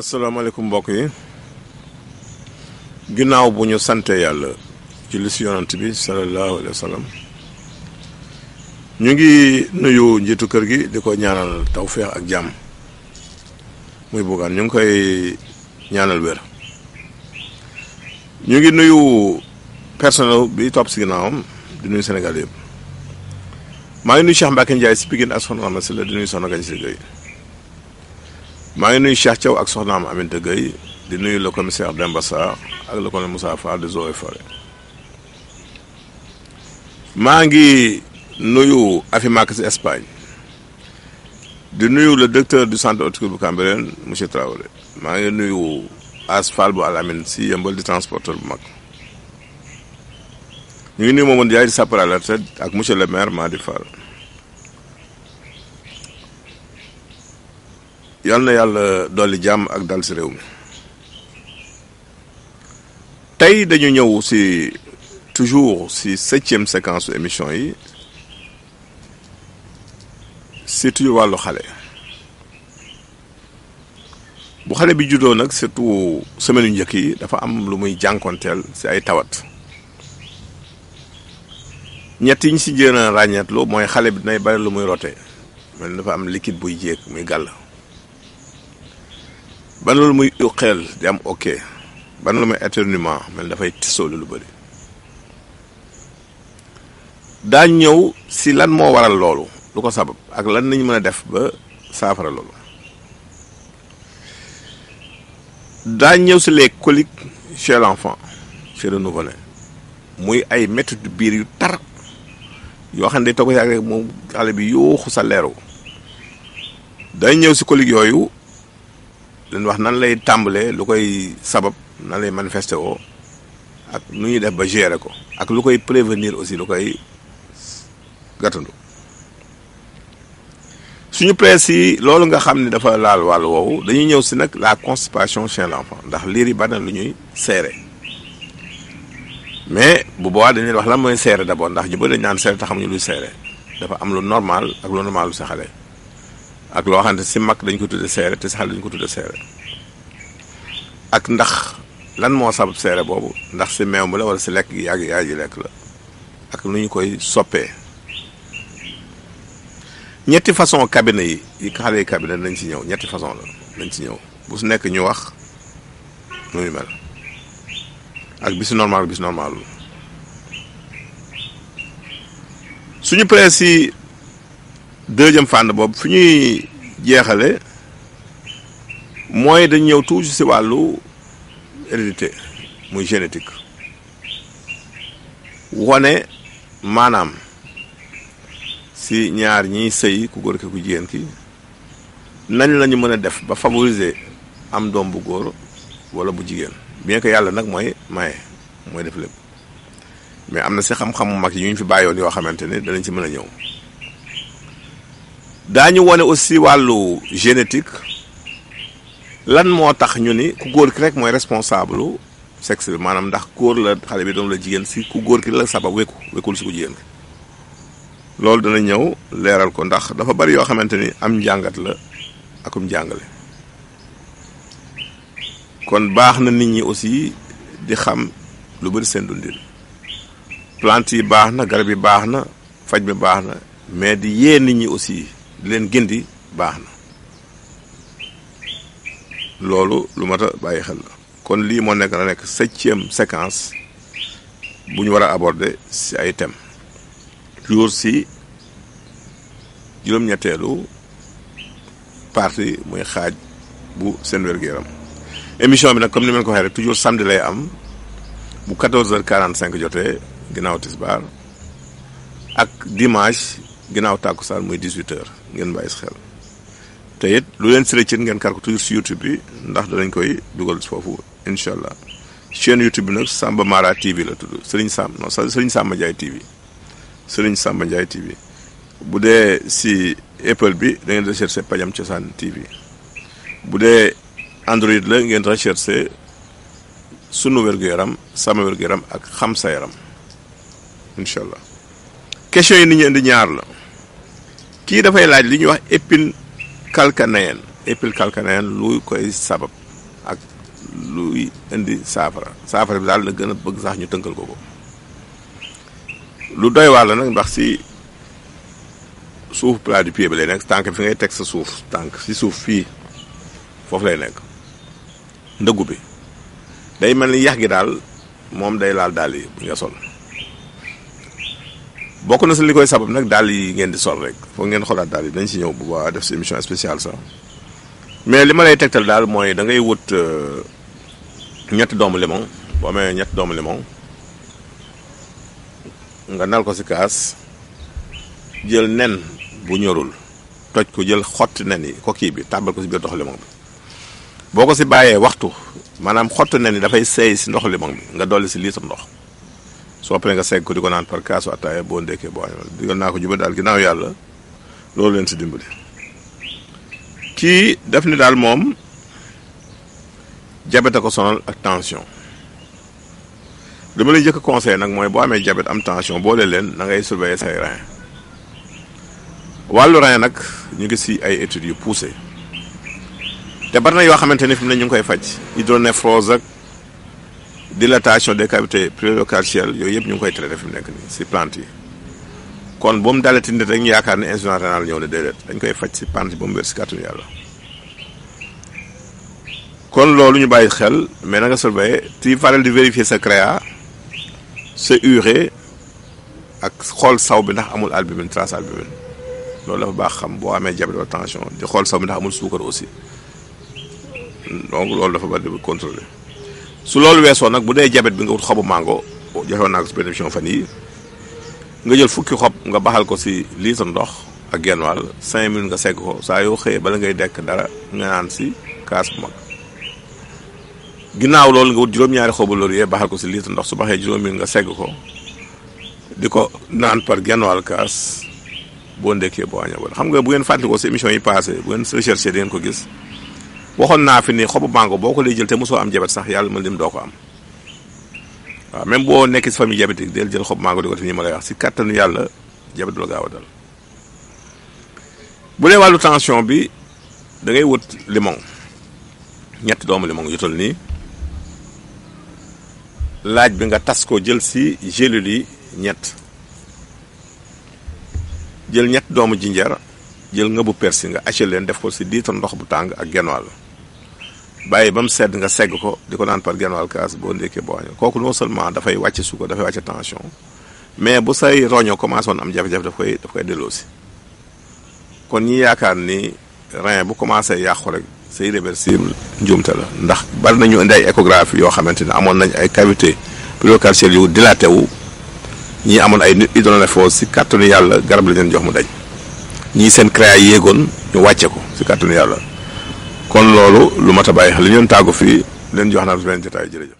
asalaamaaleykum mbokk yi ginnaaw bu ñu sante yàlla julli si yonant bi sallallahu alayhi wa ñu ngi nuyu njiitu kër gi di ko ñaanal tawféex ak jàmm muy bugaan ñu ngi koy ñaanal wér ñu ngi nuyu personnel bi topp si ginnaawam di nuyu Sénégal yëpp maa ngi nuyu Cheikh Mbacke Ndiaye si Pikine askan wi di nuyu Soxna Gagne si maa ngi nuyu Cheikh Thiaw ak soxnaam Aminata Gueye di nuyu le commissaire Demba Sarr ak le colonel Moussa Fall de Eaux maa ngi nuyu Afimax Espagne di nuyu le directeur du centre horticole bu Cambérène monsieur Traoré maa ngi nuyu As Fall bu Alamine si yëmbal di transporteur bu mag ñu ngi nuyu Mamadou Ndiaye di sapeur à la retraite ak monsieur le maire Madi Fall yal na yàlla dolli jàmm ak dal si réew mi tey dañu ñëw si toujours si septième séquence su émission yi surtout wàllu xale bu xale bi juddoo nag surtout semaine yu njëkk yi dafa am lu muy jànkonteel si ay tawat ñett yi ñu si a ràññeetlu mooy xale bi dinay bari lu muy rote mel dafa am liquide buy jéeg muy gàll ban loolu muy uqeel di am ok ban loolu muy éternuement mel dafay tisoo lu bëri daa ñëw si lan moo waral loolu lu ko sabab ak lan nañu mën a def ba saafara loolu daa ñëw si les coliques chez l'enfant chez le nouveau-né muy ay méttitu biir yu tar yoo xam ne day toog yàgg rek moom xale bi yuuxu sa leeru day ñëw si colique yooyu leen wax nan lay tàmbalee lu koy sabab nan lay woo ak nu ñuy def ba gérer ko ak lu koy prévenir aussi lu koy gàttandu suñu pree si loolu nga xam ni dafa laal wàll woowu dañuy ñëw si nag la constipation chez l'enfant ndax liir yi bari lu ñuy seere mais bu boobaa dañuy wax lan mooy seere d'abord ndax ñu bëri dañ naan seere te xamuñu luy seere dafa am lu normal ak lu normal lu xale ak loo xam ne si mag dañ ko tudde seere te si xale dañ ko tudde seere ak ndax lan moo sabab seere boobu ndax si meew mi la wala si lekk gi yàgg yaay ji lekk la ak lu ñu koy soppee ñetti façon cabinet yi yi xale yi cabinet nañ ci ñëw ñetti façon la lañ ci ñëw bu su nekk ñu wax nu muy mel ak bisu normal bisu normalul suñu paree si deuxième fànn boobu fi ñuy jeexale mooy dañ ñëw toujours si wàllu hérédité muy génétique wane maanaam si ñaar ñiy sëy ku góor ki ku jigéen ki nañ lañu mën a def ba favoriser am doom bu góor wala bu jigéen bien que yàlla nag mooy maye mooy def lépp mais am na si xam-xamu mag yi ñu fi bàyyoon yoo xamante ne danañ si mën a ñëw dañu wone aussi walu génétique lan motax ñu ni ku goor ki rek moy responsable sexe manam ndax goor la xalé bi doom la jigen si ku goor ki la sabab weku wekul si ku jigen lool dana ñew leeral ko ndax dafa bari yo xamanteni am jangat la akum jangale kon baax na nit ñi aussi di xam lu bari sen dundil plante yi baax na garab yi faj bi mais di yé nit ñi aussi leen gindi baax na loolu lu mat a bàyyi xel la. kon lii moo nekk na nekk septième séquence bu ñu war a aborder ci ay thèmes toujours si juróom-ñetteelu partie muy xaaj bu seen wér yaram émission bi nag comme ni ma ko waxee rek toujours samedi lay am bu 14h45 jotee ginnaaw tisbaar ak dimanche. ginnaaw tàkkusaan muy 18 heures ngeen bàyyi si xel te it lu leen si rëccin ngeen kar ko toujours si YouTube bi ndax danañ koy dugal foofu incha allah chaîne YouTube bi nag Samba Mara TV la tudd Serigne Sam non Serigne Samba Ndiaye TV Serigne Samba Ndiaye TV bu dee si Apple bi da ngeen recherché Pajam Cosaan TV bu dee Android la ngeen recherché sunu wérgu yaram sama wérgu yaram ak xam sa yaram incha allah question yi ni ñu indi ñaar la. kii dafay laaj li ñuy wax épine calcanéenne épine calcanéenne lu koy sabab ak luy indi saafara saafara bi daal la gën a bëgg sax ñu tënkal ko ko lu doy waar nag ndax si suuf plat du pied bi lay nekk tànk fi ngay teg sa suuf tànk si suuf fii foofu lay nekk ndëggu bi day mel ni yax gi daal moom day laal daal yi bu nga sol bokk na si li koy sabab nag daal yi ngeen di sol rek foog ngeen xoolaat daal yi dañ si ñëw bu baax def si émission spéciale sax mais li ma lay tegtal daal mooy da ngay wut euh, ñetti doomu limon boo amee ñetti doomu limon nga nal ko si kaas jël nen bu ñorul toj ko jël xott nen yi ko kii bi tàbbal si biir limon boo ko si bàyyee waxtu maanaam xott nen yi dafay seey si ndox limon bi nga dolli si lii litre ndox soo paree nga segg ko di ko naan par kaasu attaaya boo ndekkee boo añoo digal naa ko juba daal ginnaaw yàlla loolu leen si dimbali kii daf ni daal moom jabet ko sonal ak tension dama lay jëkk conseil nag mooy boo amee jabet am tension boole leen na ngay surveiller say rein wàllu rein nag ñu ngi si ay études yu poussé te bari na yoo xamante ni fi mu ne ñu ngi koy faj hydronéphrose ak di dilatation des cavités pluricalcielles yooyu yëpp ñu ngi koy traité fi mu nekk nii si plante yi kon bu mu dalati nit rek ñu yaakaar ne insuffisance rénale ñëw na déedéet dañ koy faj si plante ba mu wér si kàttanu yàlla. kon loolu ñu bàyyi xel mais na nga surveiller ti faral di vérifier sa créa sa urée ak xool saw bi ndax amul albumine trace albumine loolu dafa baax xam boo amee diabète wala tension di xool saw bi ndax amul suukar aussi donc loolu dafa ba di contrôler su loolu weesoo nag bu dee jabet bi nga wut xobu mango joxoon naa ko si benn émission fan yi nga jël fukki xob nga baxal ko si litre ndox ak genn wàll cinq minutes nga segg ko saa yoo xëyee bala ngay dekk dara nga naan si kaas bu mag ginnaaw loolu nga wut juróom-ñaari xobu loolu yee baxal ko si litre ndox su baxee juróom minutes nga segg ko di ko naan par genn wàll kaas boo ndekkee boo aña xam nga bu ngeen fàttali ko si émission yi passé bu ngeen recherché di ngeen ko gis waxoon naa fi ni xobu mango boo ko lay jël te mosoo am jabet sax yàlla mën lim doo ko am waaw même boo nekk si famille diabétique del jël xobu mango di ko def nii ma lay wax si kattanu yàlla jabet du la gaaw a dal bu dee wàllu tension bi dangay ngay wut limon ñetti doomu limon yotal nii laaj bi nga tas ko jël si gélules yi ñett jël ñett doomu jinjar jël nga bu persil nga achet leen def ko si diita ndox bu tàng ak genn wàll bàyyi ba mu sedd nga segg ko di ko naan par genn wàll kaas boo ndékkee boo añoo kooku non seulement dafay wàcc suukar dafay wàcc tension mais bu say roño commencé woon am jafe-jafe daf koy daf koy delloosi kon ñi yaakaar ni rein bu commencé yàqu rek c'est irréversible njuumte la ndax bari nañu indi ay échographie yoo xamante ni amoon nañ ay cavité péricardiale di dilaté wu ñi amoon ay hydronéphose si kàttanu yàlla garab la leen jox mu dañ ñi seen créa yéegoon ñu ko si kàttanu yàlla kon loolu lu mat a bàyyi xel li ñu leen tàggu fii leen jox naa beneen jotaay jërëjëf.